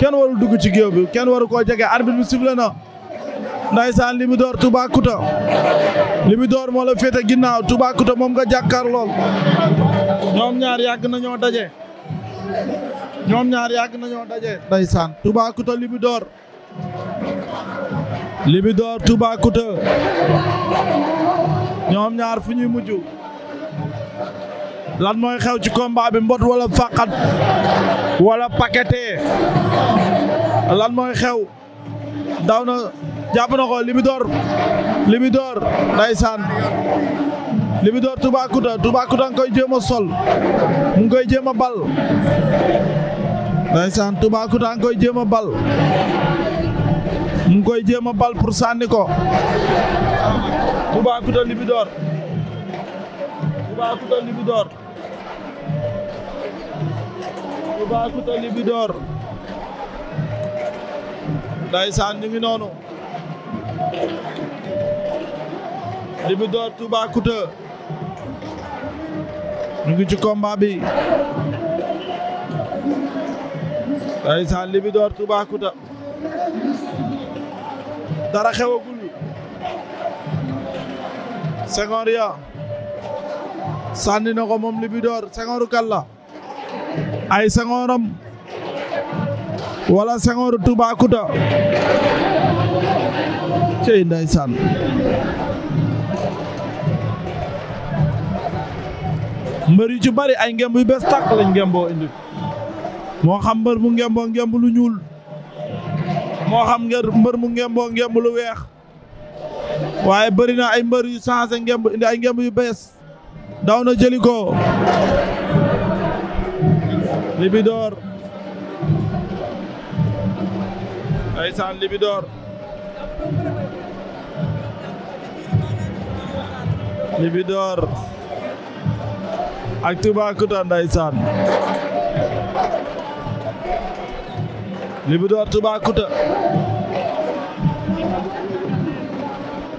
kenn warul dugg ci géew bi kenn waru koo jege arbitre bi sifflé na ndaysaan Libidor Toubacouta Libidor moo la féete ginnaaw Toubacouta moom nga jàkkaar lool ñoom ñaar yàgg nañoo daje ñoom ñaar yàgg nañoo daje ndaysaan Toubacouta Libidor Libidor Toubacouta ñoom ñaar fu ñuy lan mooy xew ci combat bi mbot wala faqat wala paqueté lan mooy xew daw na jàpp na ko Libidor Libidor ndeysaan Libidor Toubacouta Toubacouta nga koy jéem a sol mu ngi koy jéem a bal ndeysaan koy jéem a bal mu ngi koy jéem a bal pour ko Toubacouta Libidor Touba Kouta Libidor ndaysaan ñu ngi noonu Libidor Touba Kouta ñu ngi ci combat bi ndaysaan Libidor Touba Kouta dara xewagul Senghor ya sànni na ko moom Libidor Senghor kalla ay sangooram wala sangooru Tubaakuta cey ndeysaan mbër yu ci bari ay ngemb yu bees tàkk lañ ngemboo indi moo xam mbër mu ngemboo ngemb lu ñuul moo xam ngër mbër mu ngemboo ngemb lu weex waaye bari na ay mbër yu changé ngemb indi ay ngemb yu bees daw na jëli ko Libidor ndeysaan Libidor Libidor ak Toubacouta ndeysaan Libidor Toubacouta